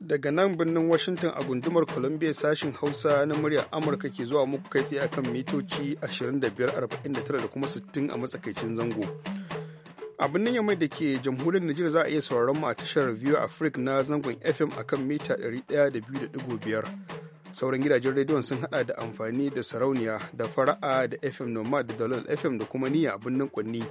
daga nan birnin washington a gundumar columbia sashin hausa na muryar amurka ke zuwa muku kai tsaye akan mitoci 2549 da kuma 60 a matsakaicin zango a birnin yamai da ke jamhuriyar nijar za a iya sauraron mu a tashar view africa na zangon fm akan mita 102.5 sauran gidajen rediyon sun hada da amfani da sarauniya da fara'a da fm nomad da dalol fm da kuma niyya a birnin kunni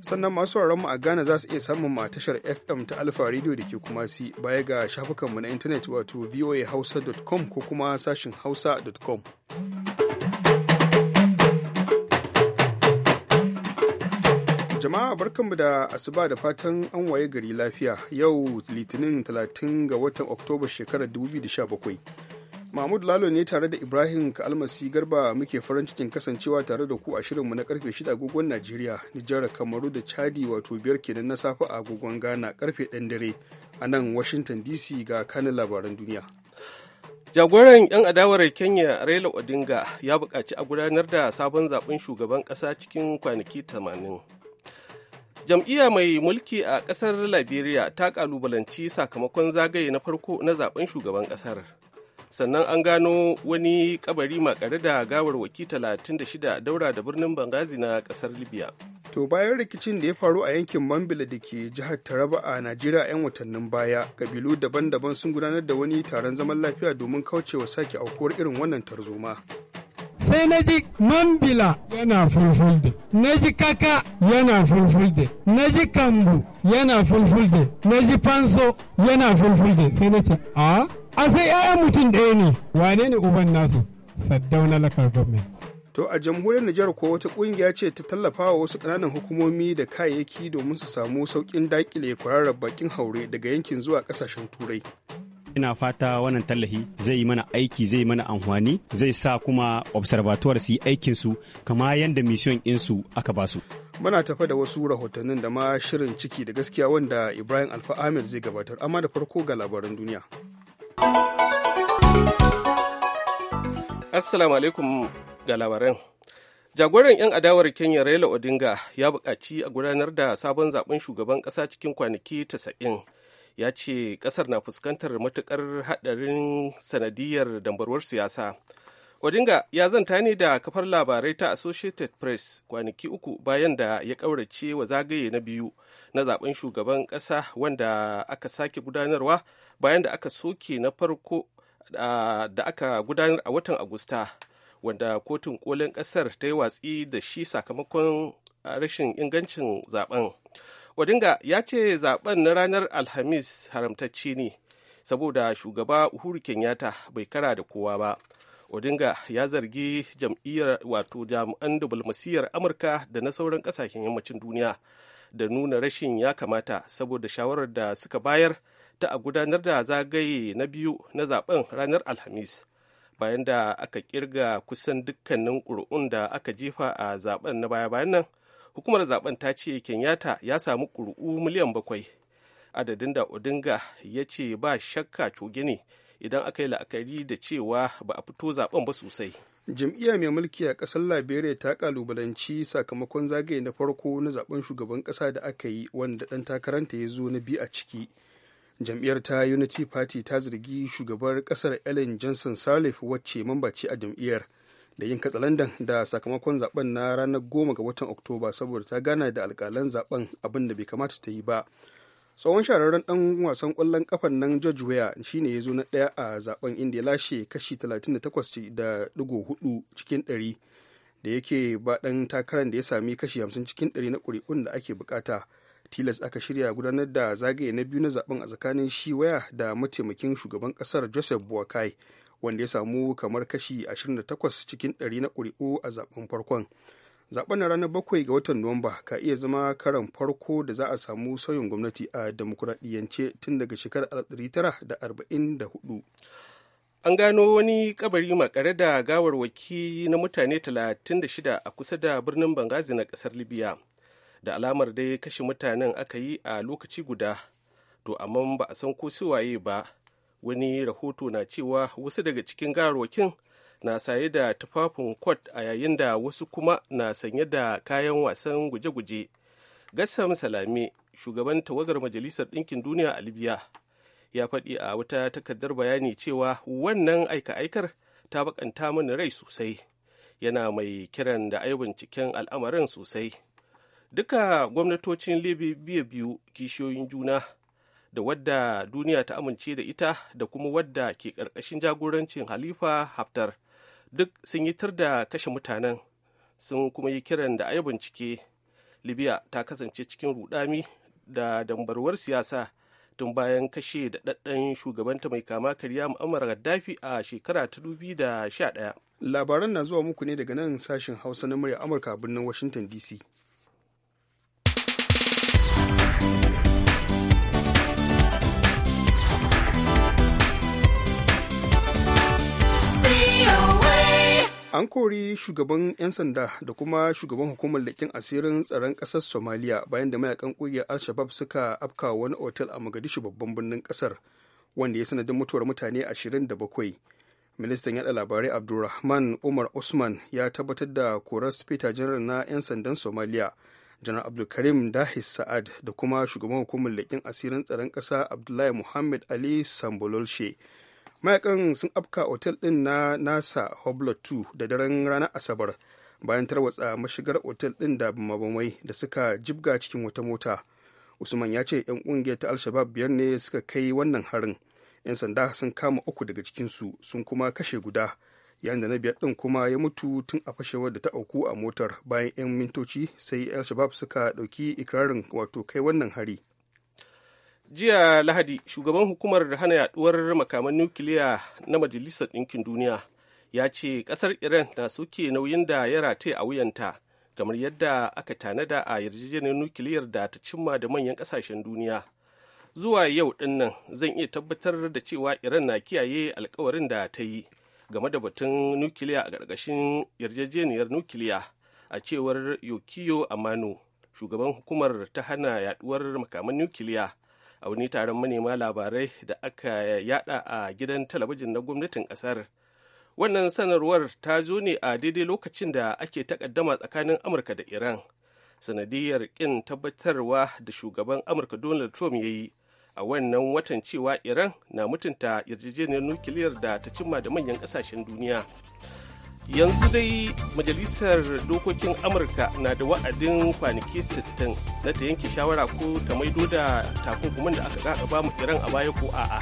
sannan masu mu a ghana za su iya samun mu a tashar fm ta alfa radio da ke kuma si baya ga shafukanmu na intanet wato voahausa.com ko kuma sashin hausa.com jama'a barkanmu da asuba da fatan an waye gari lafiya yau litinin 30 ga watan oktoba shekarar 2017 Mahmud Lalo ne tare da Ibrahim Kalmasi Garba muke farin cikin kasancewa tare da ku a shirinmu na karfe 6 agogon Najeriya, Nijar, Kamaru da Chadi wato biyar kenan na safe a agogon Ghana karfe ɗan dare a nan Washington DC ga kanin labaran duniya. Jagoran 'yan adawar Kenya Raila Odinga ya buƙaci a gudanar da sabon zaben shugaban ƙasa cikin kwanaki 80. jam'iyya mai mulki a ƙasar liberia ta ƙalubalanci sakamakon zagaye na farko na zaben shugaban ƙasar sannan an gano wani kabari makare da gawarwaki 36 daura da birnin bangazi na kasar libya to bayan rikicin da ya faru a yankin mambila da ke jihar taraba a najeriya 'yan watannin baya kabilu daban-daban sun gudanar da wani taron zaman lafiya domin kaucewa sake aukuwar irin wannan tarzoma sai na ji mambila yana fulfulde na ji kaka yana fulfulde na ji kambu yana fulfulde na ji fanso yana fulfulde sai na ce a ah? a sai 'ya'yan mutum ɗaya ne wane ne uban nasu na lakar gwamnati to a jamhuriyar Nijar ko wata kungiya ce ta tallafa wa wasu ƙananan hukumomi da kayayyaki domin su samu sauƙin daƙile kwararar bakin haure daga yankin zuwa ƙasashen turai ina fata wannan tallafi zai yi mana aiki zai mana amfani zai sa kuma observatoire su yi aikinsu kama yadda mission insu aka basu muna tafa da wasu rahotannin da ma shirin ciki da gaskiya wanda ibrahim alfa ahmed zai gabatar amma da farko ga labaran duniya Assalamu alaikum ga labaran. Jagoran 'yan adawar Kenya Raila Odinga ya buƙaci a gudanar da sabon zaben shugaban ƙasa cikin kwanaki 90. Ya ce ƙasar na fuskantar matuƙar haɗarin sanadiyar dambarwar siyasa. Odinga ya zanta ne da kafar labarai ta Associated Press kwanaki uku bayan da ya ƙaurace wa zagaye na biyu na zaben shugaban ƙasa wanda aka sake gudanarwa bayan da aka soke na farko da aka gudanar a watan Agusta wanda kotun kolin ƙasar ta yi watsi da shi sakamakon rashin ingancin zaben. Odinga ya ce zaben na ranar Alhamis haramtacce ne saboda shugaba Uhuru Kenyatta bai kara da kowa ba. odinga ya zargi jam'iyyar wato jami'an diflomasiyyar amurka da na sauran kasashen yammacin duniya da nuna rashin ya kamata saboda shawarar da suka bayar ta a gudanar da zagaye na biyu na zaben ranar alhamis bayan da aka kirga kusan dukkanin ƙuri'un da aka jefa a zaben na baya-bayan nan hukumar zaben ta ce kenyatta ya samu ƙuri'u miliyan bakwai adadin da odinga ya ce ba shakka coge ne idan aka yi la'akari da cewa ba a fito zaben ba sosai jam'iyya mai mulki a ƙasar liberia ta kalubalanci sakamakon zagaye na farko na zaben shugaban ƙasa da aka yi wanda ɗan takaranta ya zo na biyu a ciki jam'iyyar ta unity party ta zargi shugabar ƙasar ellen johnson salif wacce mambaci a jam'iyyar da yin katsalandan da sakamakon zaben na ranar goma ga watan oktoba saboda ta gana da alkalan zaben abin da bai kamata ta yi ba tsohon shahararren dan wasan kwallon kafan nan george weah shine ya zo na daya a zaben inda ya lashe kashi 38.4 cikin 100 da yake ba dan takarar da ya sami kashi 50 cikin 100 na kuri'un da ake bukata tilas aka shirya gudanar da zagaye na biyu na zaben a tsakanin shi waya da mataimakin shugaban kasar joseph buakai wanda ya samu kamar kashi 28 cikin 100 na kuri'u a zaben farkon zaben na ranar bakwai ga watan nuwamba ka iya zama karan farko da za a samu sauyin gwamnati a demokuraɗiyance tun daga shekarar 1944 an gano wani kabari makare da gawarwaki na mutane 36 a kusa da birnin bangazi na kasar libya da alamar dai kashe mutanen aka yi a lokaci guda to amma ba a san ko waye ba wani rahoto na cewa wasu daga cikin gawarwakin na saye da tufafin kwat a yayin da wasu kuma na sanye da kayan wasan guje-guje gassam salame shugaban tawagar majalisar ɗinkin duniya a libya ya faɗi a wata takardar bayani cewa wannan aika-aikar ta bakanta mana rai sosai yana mai kiran da ai binciken al'amarin sosai duka gwamnatocin libya biyu kishiyoyin juna da wadda duniya ta amince da ita da kuma wadda ke ƙarƙashin jagorancin halifa haftar duk sun yi tar da kashe mutanen sun kuma yi kiran da a yi bincike libya ta kasance cikin rudami da dambarwar siyasa tun bayan kashe da daɗaɗɗen shugabanta mai kama karya mu'amara gaddafi a shekara ta ɗaya. labaran na zuwa muku ne daga nan sashen hausa na murya amurka birnin washington dc an kori shugaban 'yan sanda da kuma shugaban hukumar leƙin asirin tsaron ƙasar somaliya bayan da mayakan ƙungiyar al-shabab suka afka wani otel a mogadishu babban birnin ƙasar wanda ya sanadin mutuwar mutane 27 ministan yada labarai abdulrahman umar usman ya tabbatar da korar spita janar na 'yan sandan somaliya janar abdulkarim dahis sa'ad da kuma shugaban hukumar leƙin asirin tsaron ƙasa abdullahi muhammad ali sambololshe mayakan sun afka otel din na nasa hoblo 2 da daren ranar asabar bayan tarwatsa mashigar otel din da mabamai da suka jibga cikin wata mota usman ya ce 'yan kungiyar ta alshabab biyar ne suka kai wannan harin 'yan sanda sun kama uku daga cikinsu sun kuma kashe guda yayin da na biyar ɗin kuma ya mutu tun a fashewar da ta auku a motar bayan 'yan mintoci sai alshabab suka ɗauki ikirarin wato kai wannan hari jiya lahadi shugaban hukumar hana yaduwar makaman nukiliya na majalisar ɗinkin duniya ya ce ƙasar iran na soke nauyin da ya ratayi a wuyanta kamar yadda aka tanada a yarjejeniyar nukiliyar da ta cimma da manyan ƙasashen duniya zuwa yau ɗin nan zan iya tabbatar da cewa iran na kiyaye alkawarin da ta yi game da batun nukiliya a ƙarƙashin yarjejeniyar nukiliya a cewar yokiyo amano shugaban hukumar ta hana yaduwar makaman nukiliya a wani taron manema labarai da aka yada a gidan talabijin na gwamnatin ƙasar wannan sanarwar ta zo ne a daidai lokacin da ake takaddama tsakanin amurka da iran sanadiyar ƙin tabbatarwa da shugaban amurka donald trump ya yi a wannan watan cewa iran na mutunta yarjejeniyar nukiliyar da ta cimma da manyan ƙasashen duniya yanzu dai majalisar dokokin amurka na da wa'adin kwanaki 60 na ta yanke shawara ko ta maido da takunkumin da aka kakaba mu iran a baya ko a'a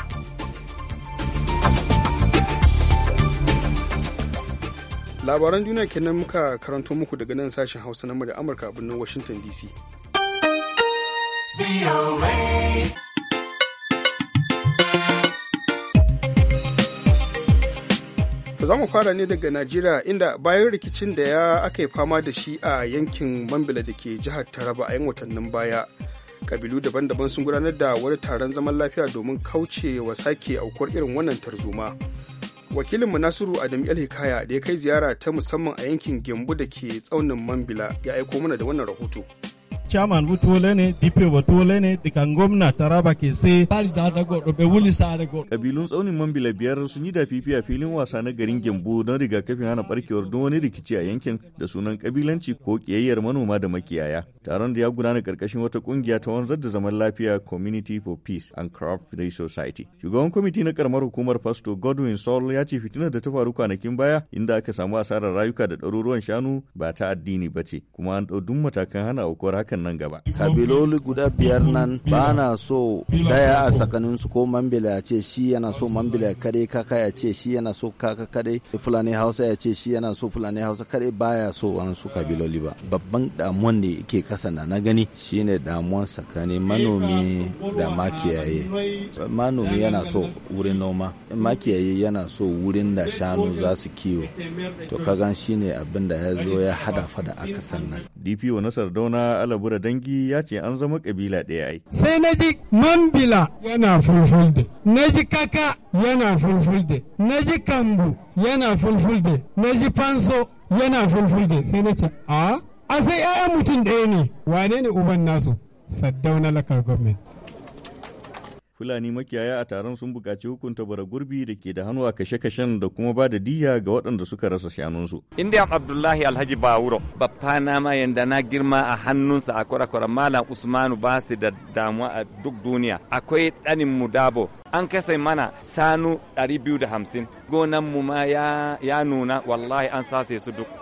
labaran duniya kenan muka karanto muku daga nan sashen hausa na da amurka a birnin washington dc za mu fara ne daga najeriya inda bayan rikicin da ya aka yi fama da shi a yankin mambila da ke jihar taraba a yan watannin baya kabilu daban-daban sun gudanar da wani taron zaman lafiya domin kauce wa sake aukuwar irin wannan tarzoma wakilinmu nasiru adam hikaya da ya kai ziyara ta musamman a yankin gembu da ke tsaunin mambila ya aiko mana da wannan rahoto chairman bu tuwole ne dipe ba tuwole ne daga gwamna taraba ke sai bari da ta godo bai wuli sare godo kabilun tsaunin mambila biyar sun yi dafifi a filin wasa na garin gyambu don rigakafin hana barkewar don wani rikici a yankin da sunan kabilanci ko kiyayyar manoma da makiyaya taron da ya gudana karkashin wata kungiya ta wanzar da zaman lafiya community for peace and crop society shugaban kwamiti na karamar hukumar pastor godwin saul ya ce fitinar da ta faru kwanakin baya inda aka samu asarar rayuka da ɗaruruwan shanu ba ta addini ba ce kuma an ɗau duk matakan hana aukuwar hakan Najeriya nan gaba. Kabiloli guda biyar nan ba na so daya a tsakanin su ko Mambila ya ce shi yana so Mambila kare kaka ya ce shi yana so kaka kare Fulani Hausa ya ce shi yana so Fulani Hausa kare baya so wani su kabiloli ba. Babban damuwan da ke kasa na na gani Shi ne damuwan tsakanin manomi da makiyaye. Manomi yana so wurin noma, makiyaye yana so wurin da shanu za su kiwo. To kagan ne abin da ya zo ya hada fada a kasan nan. DPO na Sardauna Alabura Dangi ya ce an zama kabila ɗaya ai. Sai na ji Mambila yana fulfulde, na ji Kaka yana fulfulde, na ji Kambu yana fulfulde, na ji Fanso yana fulfulde sai na ce a ah, a sai 'ya'yan mutum ɗaya ne wane ne uban nasu Sardauna lakar gwamnati. Fulani makiyaya a taron sun buƙaci hukunta bara gurbi da ke da hannu a kashe-kashen da kuma ba da diya ga waɗanda suka rasa shanunsu. Indiya Abdullahi Alhaji Bawuro, baffa na ma yanda na girma a hannunsa a kwarakwara Malam Usmanu ba su da damuwa a duk duniya. Akwai ɗanin mu dabo, an kasa mana sanu ɗari biyu 250, gonan mu ma ya nuna wallahi an sase su duk.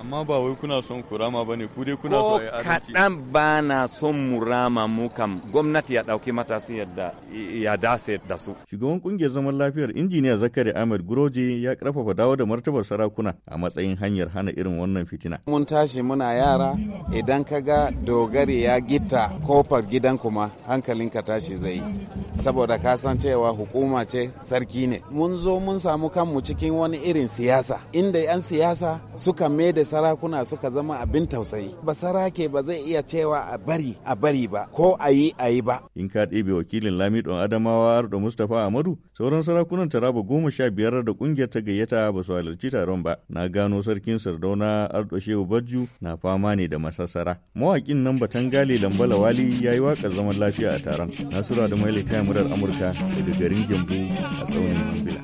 amma ba wai kuna son ku rama bane ku dai kuna so ai kaɗan ba na son mu rama mu kam gwamnati ya ɗauki matasin yadda ya dace da su shugaban kungiyar zaman lafiyar injiniya zakari ahmed guroji ya karfafa dawo da martabar sarakuna a matsayin hanyar hana irin wannan fitina mun tashi muna yara idan ka ga dogari ya gita kofar gidan kuma ka tashi zai saboda ka san cewa hukuma ce sarki ne mun zo mun samu kanmu cikin wani irin siyasa inda 'yan siyasa suka mai da sarakuna suka zama abin tausayi ba sarake ba zai iya cewa a bari a bari ba ko a yi a yi ba in ka ɗebe wakilin lamidon adamawa ardo mustapha amadu sauran sarakunan taraba goma sha biyar da kungiyar ta gayyata ba su halarci taron ba na gano sarkin sardauna ardo shehu bajju na fama ne da masassara mawakin nan batangale lambala wali ya yi waƙar zaman lafiya a taron nasura da mailika murar amurka daga garin gyambu a tsaunin mambila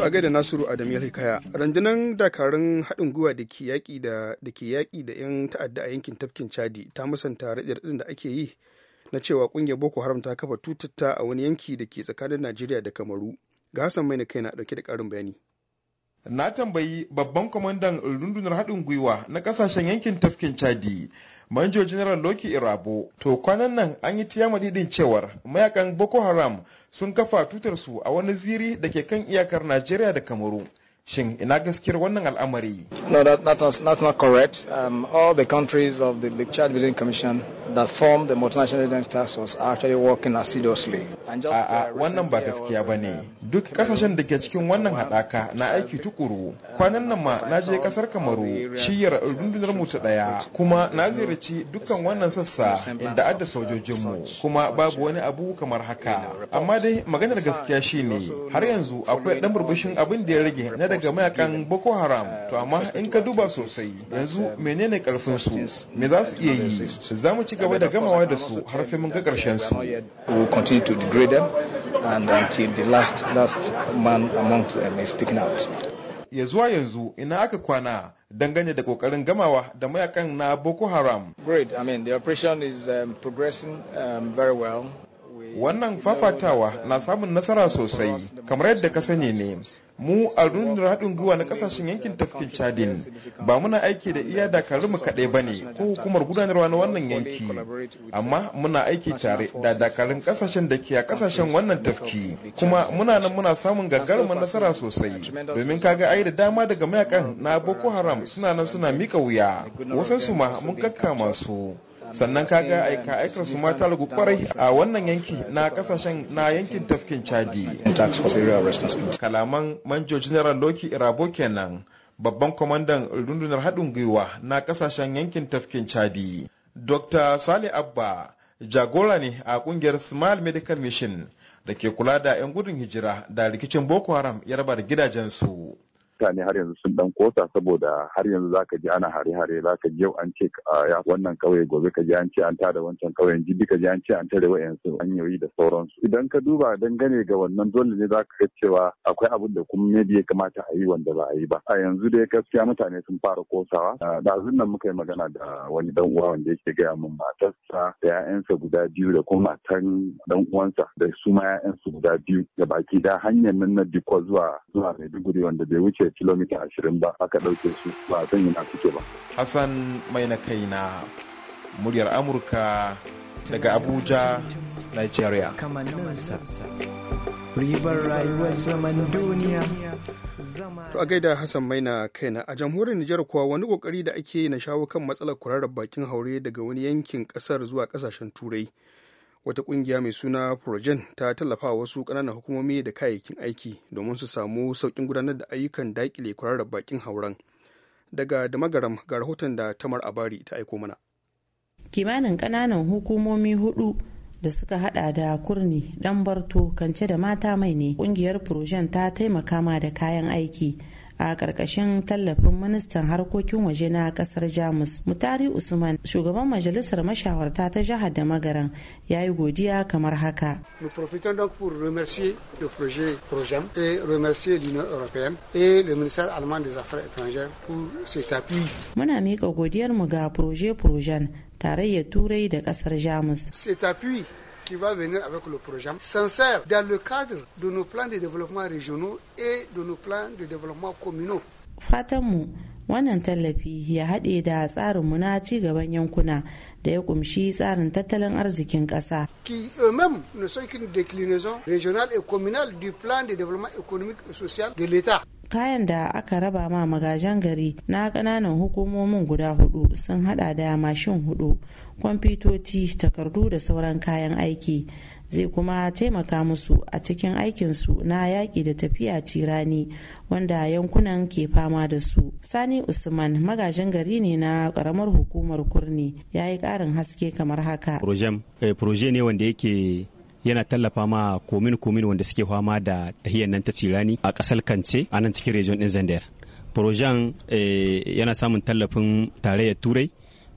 To a gaida Nasiru Adam ya kaya rundunar dakarun haɗin gwiwa da ke yaƙi da ke yaƙi da 'yan ta'adda a yankin tafkin Chadi ta musanta raɗe da ake yi na cewa ƙungiyar Boko Haram ta kafa tututta a wani yanki da ke tsakanin Najeriya da Kamaru. Ga Hassan Mai na kai na ɗauke da ƙarin bayani. Na tambayi babban kwamandan rundunar haɗin gwiwa na ƙasashen yankin tafkin Chadi manjo general loki irabo to kwanan nan an yi tiyama didin cewar mayakan boko haram sun kafa tutarsu a wani ziri da ke kan iyakar najeriya da kamaru Shin ina gaskiyar wannan al'amari? No, that, that's, that's not correct. Um, all the countries of the, the Child Building Commission that form the multinational building task force are actually working assiduously. A'a, wannan ba gaskiya ba ne. Uh, Duk kasashen da ke cikin wannan haɗaka na aiki tukuru. Kwanan nan ma na je kasar Kamaru, shiyar rundunar mu ta ɗaya, kuma na ziyarci dukkan wannan sassa inda adda uh, sojojin mu kuma babu wani abu kamar haka. Amma dai maganar gaskiya shine har yanzu akwai dan burbushin abin da ya rage na jama'a mayakan boko haram to amma in ka duba sosai yanzu menene karfin su me za su iya yi za mu ci gaba da gamawa da su har sai mun ga karshen su ya zuwa yanzu ina aka kwana dangane da kokarin gamawa da mayakan na boko haram great i mean um, um, wannan fafatawa na samun nasara sosai kamar yadda ka sani ne mu a rundunar haɗin gwiwa na ƙasashen yankin tafkin chadin ba muna aiki da iya mu kaɗai ba ne ko hukumar gudanarwa na wannan yanki amma muna aiki tare da dakarun ƙasashen da ke a ƙasashen wannan tafki kuma muna nan muna samun gagarumin nasara sosai domin kaga ai da dama daga mayakan na boko haram suna nan suna mika wuya wasansu ma mun kakkama su sannan kaga aika aikar su mata lagu kwarai a wannan yanki na kasashen na yankin tafkin chadi kalaman manjo general loki irabo kenan babban kwamandan rundunar haɗin gwiwa na kasashen yankin tafkin chadi dr sale abba jagora ne a kungiyar Small medical mission da ke kula da 'yan gudun hijira da rikicin boko haram ya da gidajensu mutane har yanzu sun dan kosa saboda har yanzu zaka ji ana hare-hare zaka ji yau an ce wannan kauye gobe ka ji an ce an tada wancan kauyen jibi ka ji an ce an tare wayansu hanyoyi da sauransu idan ka duba dangane ga wannan dole ne zaka ga cewa akwai abin da kuma maybe ya kamata a yi wanda ba a yi ba a yanzu dai gaskiya mutane sun fara kosawa da nan muka yi magana da wani dan uwa wanda yake gaya min matarsa da 'ya'yansa guda biyu da kuma matan dan uwansa da su ma 'ya'yansu guda biyu da baki da hanyar nan na diko zuwa zuwa maiduguri wanda bai wuce kai kilomita ashirin ba aka ɗauke su ba a san yana suke ba. Hassan mai na kai na muryar Amurka daga Abuja, Nigeria. Ribar rayuwar zaman duniya. To a gaida Hassan Maina kaina a jamhuriyar Nijar kuwa wani kokari da ake yi na shawo kan matsalar kwararar bakin haure daga wani yankin kasar zuwa kasashen Turai. wata kungiya mai suna progen ta tallafa wasu kananan hukumomi da kayayyakin aiki domin su samu saukin gudanar da ayyukan daƙile kwararar bakin hauren daga damagaram ga rahoton da tamar abari ta aiko mana kimanin kananan hukumomi hudu da suka hada da kurni dan barto kance da mata mai ne kungiyar progen ta taimaka ma da kayan aiki a ƙarƙashin tallafin ministan harkokin waje na ƙasar jamus mutari usman shugaban majalisar mashawarta ta jihar da magaran ya yi godiya kamar haka muna miƙa godiyarmu ga proje-projen tarayyar turai da ƙasar jamus qui va venir avec le programme s'insère dans le cadre de nos plans de développement régionaux et de nos plans de développement communaux. Fatanmu wannan tallafi ya haɗe da tsarinmu na ci gaban yankuna da ya kumshi tsarin tattalin arzikin ƙasa. Ki eux-mêmes ne sont qu'une déclinaison régionale et communale du plan de développement économique et social de l'État. kayan da aka raba ma magajan gari na ƙananan hukumomin guda hudu sun hada da mashin hudu kwamfutoci takardu da sauran kayan aiki zai kuma taimaka musu a cikin aikinsu na yaƙi da tafiya cirani wanda yankunan ke fama da su sani usman magajin gari ne na ƙaramar hukumar kurni ya yi ƙarin haske kamar haka eh, proje ne wanda yake yana tallafa ma komin komin wanda suke fama da tahiyan nan ta cirani a ƙasar kance a nan cikin region ɗin zandar projen eh, yana samun tallafin tarayyar turai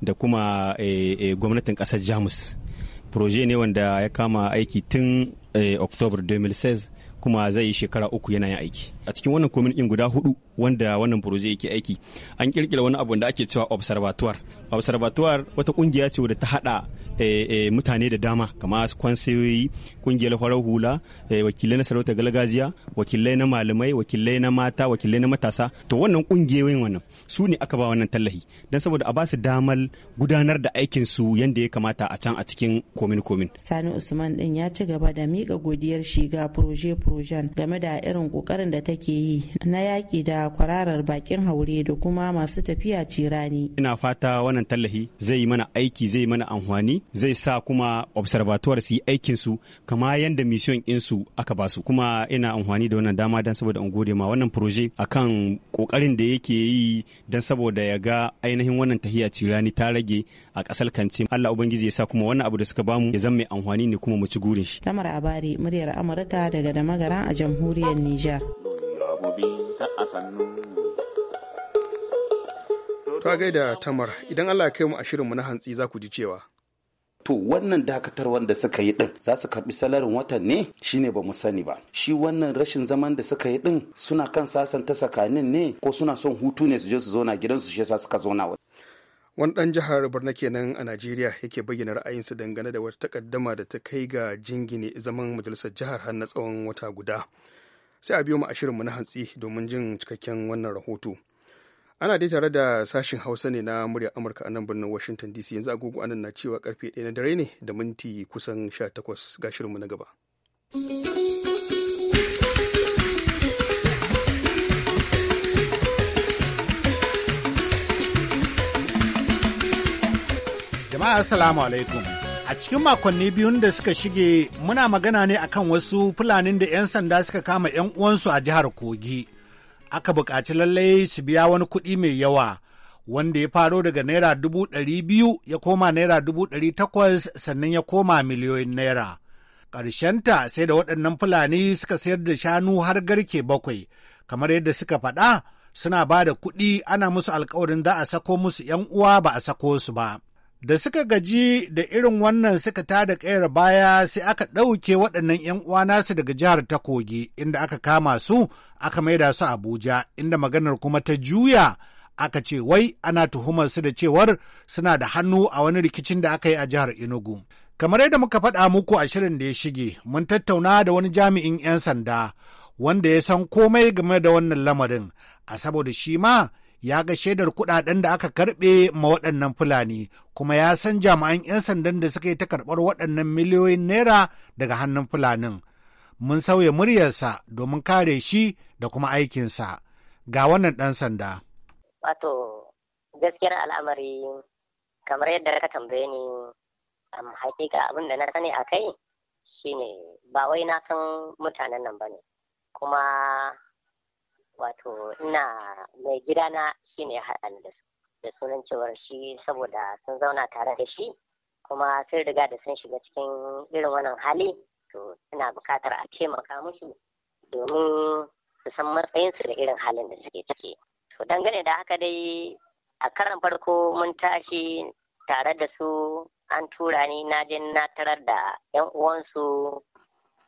da kuma eh, eh, gwamnatin ƙasar jamus proje ne wanda ya kama aiki tun eh, october 2016 kuma zai yi shekara uku yana yin aiki a cikin wannan in guda hudu wanda wannan proje yake aiki an kirkira wani abu da ake cewa observatoire observatoire wata kungiya ce wadda ta hada Eh, eh, mutane da dama kamar kwansayoyi kungiyar farar hula eh, wakilai na sarauta galgajiya wakilai na malamai wakilai na mata wakilai na matasa to wannan kungiyoyin wannan su ne aka ba wannan tallahi don saboda a ba su damar gudanar da aikin su yadda ya kamata a can a cikin komin komin sani usman din ya ci gaba da miƙa godiyar shiga ga proje projen game da irin kokarin da take yi na yaƙi da kwararar bakin haure da kuma masu tafiya cirani ina fata wannan tallahi zai yi mana aiki zai mana amfani zai sa kuma observatoire su yi aikin su kama yanda mission din su aka basu kuma ina amfani da wannan dama dan saboda in gode ma wannan projet akan kokarin da yake yi dan saboda ya ga ainihin wannan tahiya cirani ta rage a kasar kance Allah ubangiji ya sa kuma wannan abu da suka bamu ya zama mai amfani ne kuma mu ci gurin shi kamar Abari muryar Amurka daga Damagara a jamhuriyar Nijar ta gaida tamar idan allah ya kai mu a shirinmu na hantsi za ku ji cewa to wannan dakatar wanda suka yi din za su karbi salarin watan ne shine ba mu sani ba shi wannan rashin zaman da suka yi din suna kan sasanta tsakanin ne ko suna son hutu ne su je su zauna gidansu shi yasa suka zauna wani wani ɗan jihar borno kenan a najeriya yake bayyana ra'ayinsa dangane da wata takaddama da ta kai ga jingine zaman majalisar jihar har na tsawon wata guda sai a biyo mu a shirinmu na hantsi domin jin cikakken wannan rahoto ana dai tare da sashen hausa ne na murya amurka a nan birnin washington dc yanzu agogo anan na cewa karfe 1 na dare ne da minti kusan 18 ga shirinmu na gaba jama'a assalamu alaikum a cikin makonni biyun da suka shige muna magana ne akan wasu fulanin da 'yan sanda suka kama 'yan uwansu a jihar kogi aka buƙaci lallai su biya wani kuɗi mai yawa wanda ya faro daga naira dubu ɗari biyu ya koma naira dubu ɗari takwas sannan ya koma miliyoyin naira. Ƙarshenta sai da waɗannan Fulani suka sayar da shanu har garke bakwai, kamar yadda suka faɗa suna ba da kuɗi ana musu alkawarin za a sako musu ‘yan uwa ba a sako su ba. Da suka gaji da irin wannan suka tada ƙayar baya sai aka ɗauke waɗannan 'yan uwa nasu daga jihar ta kogi inda aka kama su aka maida su Abuja inda maganar kuma ta juya aka ce wai ana tuhumar su da cewar suna da hannu a wani rikicin da aka yi a jihar Enugu. Kamar yadda muka faɗa muku a shirin da ya shige, mun tattauna da wani jami'in 'yan sanda wanda ya san komai game da wannan lamarin, a saboda shi ma ya ga shaidar kudaden da aka karbe ma waɗannan Fulani, kuma ya san jami'an 'yan sandan da suka yi ta karɓar waɗannan miliyoyin naira daga hannun Fulanin. Mun sauya muryarsa domin kare shi da kuma aikinsa. Ga wannan ɗan sanda. Wato, gaskiyar al'amari kamar yadda ka tambaye ni hakika abin da na sani a kai shine ba wai na san mutanen nan ba ne kuma wato ina mai gidana shine haɗani da da sunan cewar shi saboda sun zauna tare da shi kuma sun riga da sun shiga cikin irin wannan hali to ina buƙatar a taimaka musu domin su san matsayinsu da irin halin da suke ciki to dangane da haka dai a karan farko mun tashi tare da su an tura ni na je na tarar da yan uwansu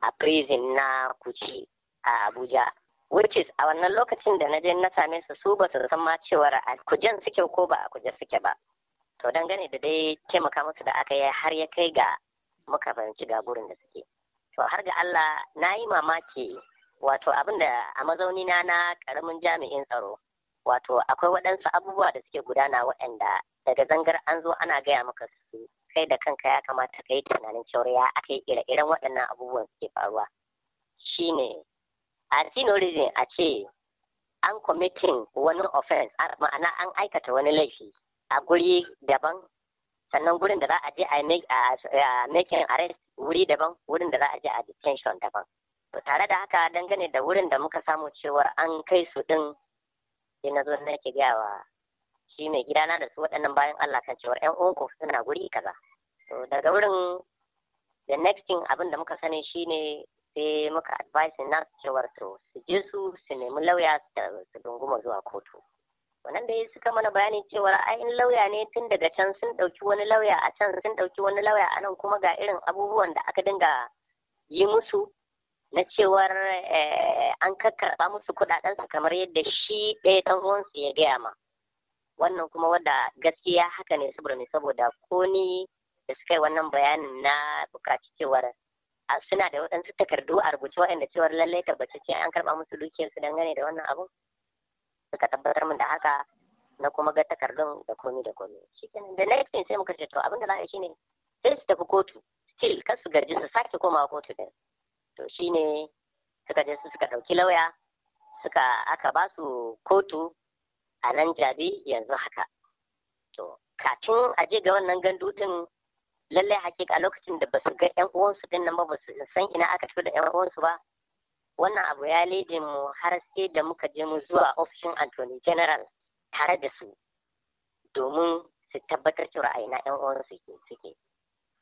a prison na kuci a abuja which is a wannan lokacin da na je na same su su ba su san ma cewar a kujen suke ko ba a kujen suke ba to dangane da dai taimaka musu da aka yi har ya kai ga muka fahimci ga gurin da suke to har ga Allah na yi mamaki wato abin a mazauni na na karamin jami'in tsaro wato akwai waɗansu abubuwa da suke gudana waɗanda daga zangar an zo ana gaya maka su kai da kanka ya kamata ka yi tunanin cewa ya aka yi ire-iren waɗannan abubuwan suke faruwa shine a cikin origin a ce an committing wani offense ma'ana an aikata wani laifi a guri daban sannan gurin da za a je a making arrest wuri daban wurin da za a je a detention daban to tare da haka dangane da wurin da muka samu cewar an kai su din sai na zo na gaya wa shi mai gidana da su waɗannan bayan Allah kan cewar ƴan uwanku suna guri kaza to daga wurin the next thing abin da muka sani shine sai muka advice na cewar to su je su su nemi lauya su dunguma zuwa kotu wannan da suka mana bayani cewar ayin lauya ne tun daga can sun ɗauki wani lauya a can sun ɗauki wani lauya a nan kuma ga irin abubuwan da aka dinga yi musu na cewar eh, an kakkarɓa musu kuɗaɗensu kamar yadda shi ɗaya ɗan ruwansu ya gaya ma wannan kuma wadda gaskiya haka ne saboda saboda ko ni da suka yi wannan bayanin na bukaci cewar suna da waɗansu takardu a rubuce waɗanda cewar lallai tabbatacce an karɓa musu dukiyar su dangane da wannan abu suka tabbatar min da haka na kuma ga takardun da komi da komi shikenan da na yake sai muka ce to abin da za a yi shine sai su tafi kotu still kar su garji su sake komawa kotu din to shine suka je su suka ɗauki lauya suka aka ba su kotu a nan jabi yanzu haka to kafin a je ga wannan gandu din lallai hakika lokacin da basu ga yan uwansu din nan ba basu san ina aka fito da yan uwansu ba wannan abu ya lede mu har sai da muka je mu zuwa ofishin Anthony General tare da su domin su tabbatar cewa a ina yan uwansu suke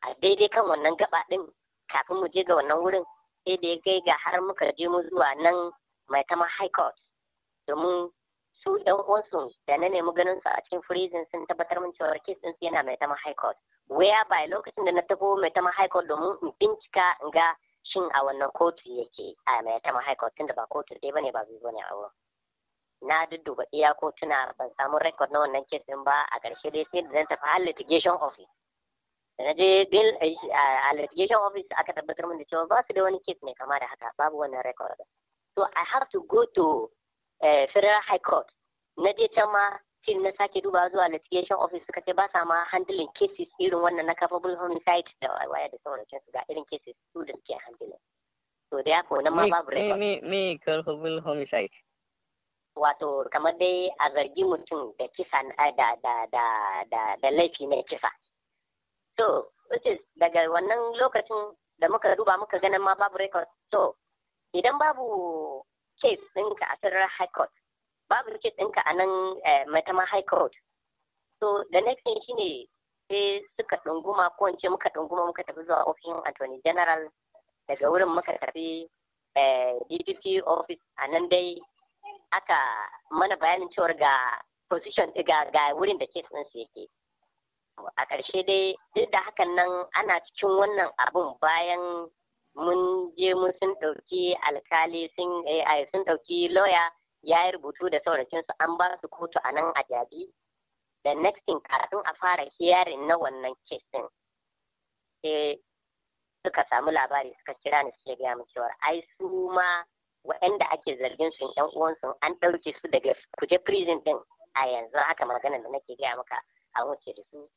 a daidai kan wannan gaba din kafin mu je ga wannan wurin sai da ya kai ga har muka je mu zuwa nan mai tama high court domin su yan uwansu da na nemi ganin su a cikin freezing sun tabbatar mun cewa kes din yana mai tama high court waya bai lokacin da na tafi mai tama high domin in bincika in ga shin a wannan kotu yake a mai tama high tun da ba kotu dai bane ba biyu bane a wurin na dudduba iya kotuna ban samu rekod na wannan kes din ba a ƙarshe dai sai da zan tafi har litigation office da na je eh, a litigation office aka tabbatar min da cewa ba su da wani kes mai kama da haka babu wannan rekod. so i have to go to eh, federal high court na je can ma shin na sake duba zuwa litigation office suka ce ba sa ma handling cases irin wannan na capable homicide da waya da su ga irin cases su da suke handling so da yako nan ma babu record me me capable homicide wato kamar dai a zargi mutum da kisa da da da da da laifi na kisa so which is daga wannan lokacin da muka duba muka ganin ma babu record so idan babu case ɗinka a federal high court babu kes ɗinka a nan eh, matama high court so da next thing shine sai suka ɗunguma ko in ce muka ɗunguma muka tafi zuwa ofishin attorney general daga wurin muka tafi eh, DPP office a nan dai aka mana bayanin cewar ga position ga ga wurin da case ɗinsu yake a ƙarshe dai duk da hakan nan ana cikin wannan abun bayan mun je mun sun ɗauki alkali eh, sun ɗauki lawyer ya yi rubutu da su an ba su kotu a nan a jabi da next thing kafin a fara hearing na wannan kesin sai suka samu labari suka kira ni suke gaya mu cewa ai su ma waɗanda ake zargin su yan uwansu an ɗauke su daga kuje prison din a yanzu haka magana da nake gaya maka a wuce da su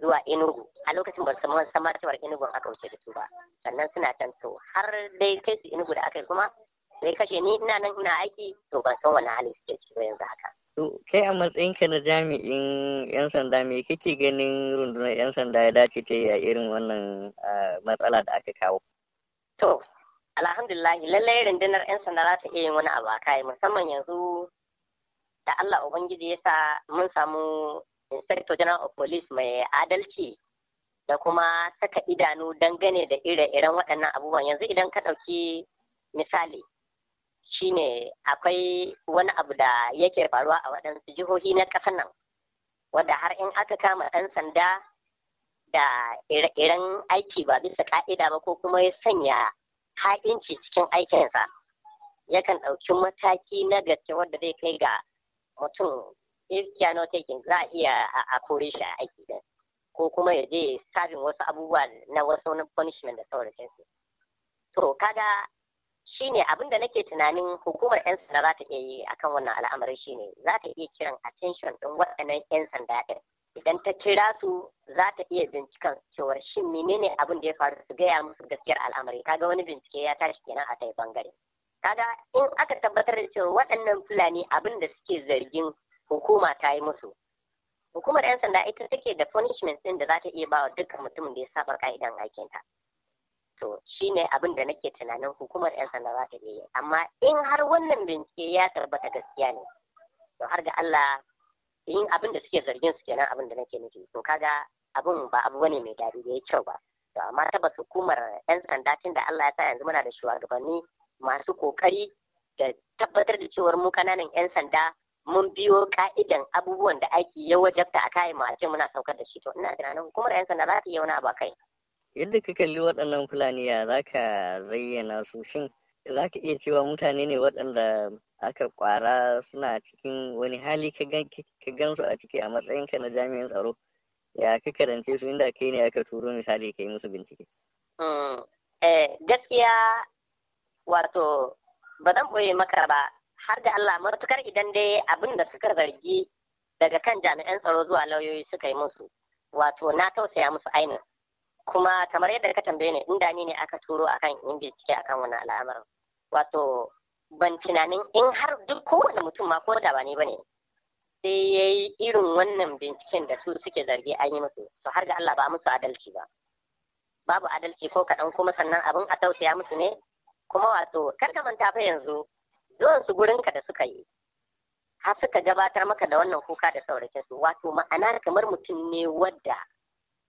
zuwa Enugu a lokacin ba su san ma cewar Enugu aka wuce da su ba sannan suna can to har dai kai su Enugu da aka yi kuma sai kashe ni ina nan ina aiki to ban san wani hali suke ciki ba yanzu haka. To kai a matsayinka na jami'in 'yan sanda me kake ganin rundunar 'yan sanda ya dace ta yi a irin wannan matsala da aka kawo? To alhamdulillah lallai rundunar 'yan sanda za ta iya yin wani abu a kai musamman yanzu da Allah Ubangiji ya sa mun samu Inspector General of Police mai adalci da kuma saka idanu dangane da ire-iren waɗannan abubuwan yanzu idan ka ɗauki misali shine akwai wani abu da yake faruwa a waɗansu jihohi na ƙasar nan wanda har in aka kama ɗan sanda da ire-iren aiki ba bisa ƙa'ida ba ko kuma ya sanya ha'inci cikin aikinsa yakan ɗauki mataki na gaske wanda zai kai ga mutum irkiya no taking za a iya a kore shi a aiki din ko kuma ya je sabin wasu abubuwa na wasu wani punishment da sauransu to kaga shine abin da nake tunanin hukumar 'yan sanda za ta iya yi kan wannan al'amarin shi ne. za ta iya kiran attention ɗin waɗannan 'yan sanda ɗin idan ta kira su za ta iya binciken cewar shin menene abin da ya faru su gaya musu gaskiyar al'amari kaga wani bincike ya tashi kenan a tai bangare kaga in aka tabbatar da cewa waɗannan fulani abin da suke zargin hukuma ta yi musu hukumar 'yan sanda ita take da punishment ɗin da za ta iya ba wa dukkan mutumin da ya saba ka'idan aikinta to ne abin da nake tunanin hukumar 'yan sanda za ta yi amma in har wannan bincike ya tabbata gaskiya ne to har ga Allah in abin da suke zargin su kenan abin da nake nufi to kaga abin ba abu bane mai dadi da ya kyau ba to amma tabbas hukumar 'yan sanda tun da Allah ya sa yanzu muna da shugabanni masu kokari da tabbatar da cewar mu kananan 'yan sanda mun biyo ka'idan abubuwan da aiki ya wajabta a kayan mu a ce muna saukar da shi to ina tunanin hukumar 'yan sanda za ta yi wani abu kai yadda ka kalli waɗannan fulani ya za ka zayyana su shin za ka iya cewa mutane ne waɗanda aka kwara suna cikin wani hali ka gan su a ciki a matsayinka na jami'in tsaro ya ka karance su inda kai ne aka turo misali ka yi musu bincike. Hmm, eh, gaskiya wato ba zan ɓoye maka ba har da Allah matukar idan dai abin da suka zargi daga kan jami'an tsaro zuwa lauyoyi suka yi musu wato na tausaya musu ainihin kuma kamar yadda ka tambaye ni inda ni ne aka turo akan in bincike akan wani al'amarin wato ban tunanin in har duk kowane mutum ma ko da ba ni ne sai ya yi irin wannan binciken da su suke zargi an yi musu to har ga Allah ba musu adalci ba babu adalci ko kaɗan kuma sannan abin a tausaya musu ne kuma wato kar ka manta fa yanzu zuwan su gurinka da suka yi har suka gabatar maka da wannan kuka da saurakin su wato ma'ana kamar mutum ne wadda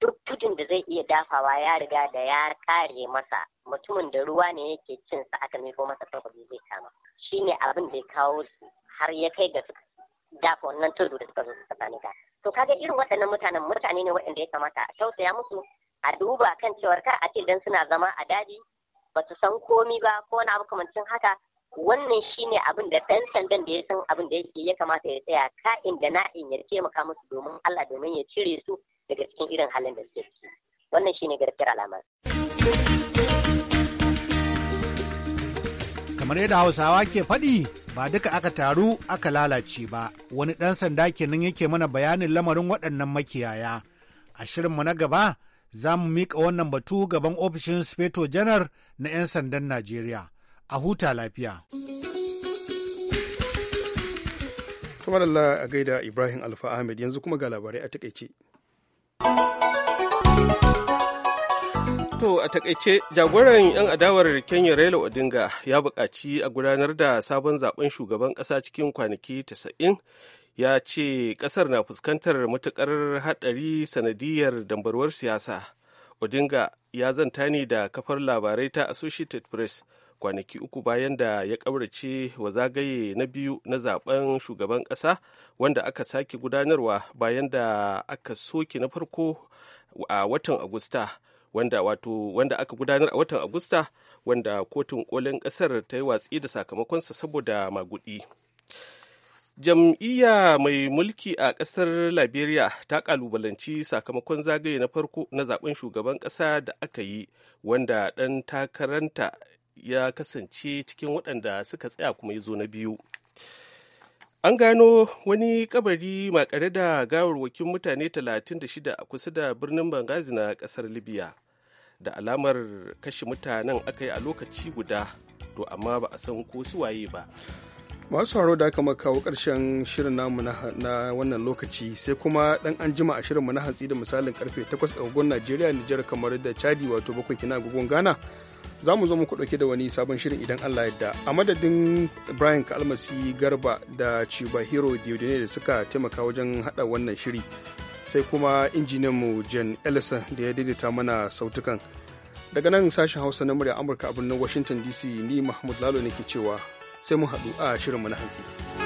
duk tudun da zai iya dafawa ya riga da ya kare masa mutumin da ruwa ne yake cin sa aka miko masa takobi zai kama Shi ne abin da ya kawo su har ya kai ga suka dafa wannan tudu da suka zo suka sami ta to kaga irin waɗannan mutanen mutane ne waɗanda ya kamata a tausaya musu a duba kan cewar kar a ce dan suna zama a daji ba su san komi ba ko wani abu kamancin haka wannan shine abin da ɗan sandan da ya san abin da yake ya kamata ya tsaya ka'in da na'in ya taimaka musu domin Allah domin ya cire su daga cikin irin halin da suke ciki wannan shine gaskiyar alamar. kamar yadda hausawa ke faɗi ba duka aka taru aka lalace ba wani ɗan sanda kenan yake mana bayanin lamarin waɗannan makiyaya a shirinmu na gaba za mu miƙa wannan batu gaban ofishin speto janar na 'yan sandan najeriya a huta lafiya kamar a gaida ibrahim alfa ahmed yanzu kuma ga labarai a takaice To a takaice jagoran 'yan adawar Kenya Raila Odinga ya buƙaci a gudanar da sabon zaben shugaban ƙasa cikin kwanaki 90 ya ce ƙasar na fuskantar matuƙar haɗari sanadiyar dambarwar siyasa. Odinga ya zanta ne da kafar labarai ta Associated Press kwanaki uku bayan da ya ƙaurace wa zagaye na biyu na zaben shugaban ƙasa wanda aka sake gudanarwa bayan da aka soke na farko a watan agusta wanda wato wanda aka gudanar a watan agusta wanda kotun kolin ƙasar ta yi watsi da sakamakonsa saboda magudi jam'iyya mai mulki a ƙasar liberia ta ƙalubalanci sakamakon zagaye na farko na zaben shugaban ƙasa da aka yi wanda ɗan takaranta ya kasance cikin waɗanda suka tsaya kuma ya zo na biyu an gano wani kabari makare da gawarwakin mutane 36 a kusa da birnin bangazi na kasar libya da alamar kashe mutanen aka yi a lokaci guda to amma ba a san ko su waye ba masu haro da aka kawo karshen shirin namu na wannan lokaci sai kuma dan an jima a mu na hantsi da misalin karfe 8 agogon najeriya nijar kamar da chadi wato bakwai kina agogon ghana za mu zo muku ɗauke da wani sabon shirin idan Allah ya yadda a madadin Brian Kalmasi Garba da Chiba Hero Diodone da suka taimaka wajen haɗa wannan shiri sai kuma injiniyanmu Jen Ellison da ya daidaita mana sautukan daga nan sashen Hausa na murya Amurka a birnin Washington DC ni Mahmud Lalo nake cewa sai mu haɗu a shirin mu na hantsi.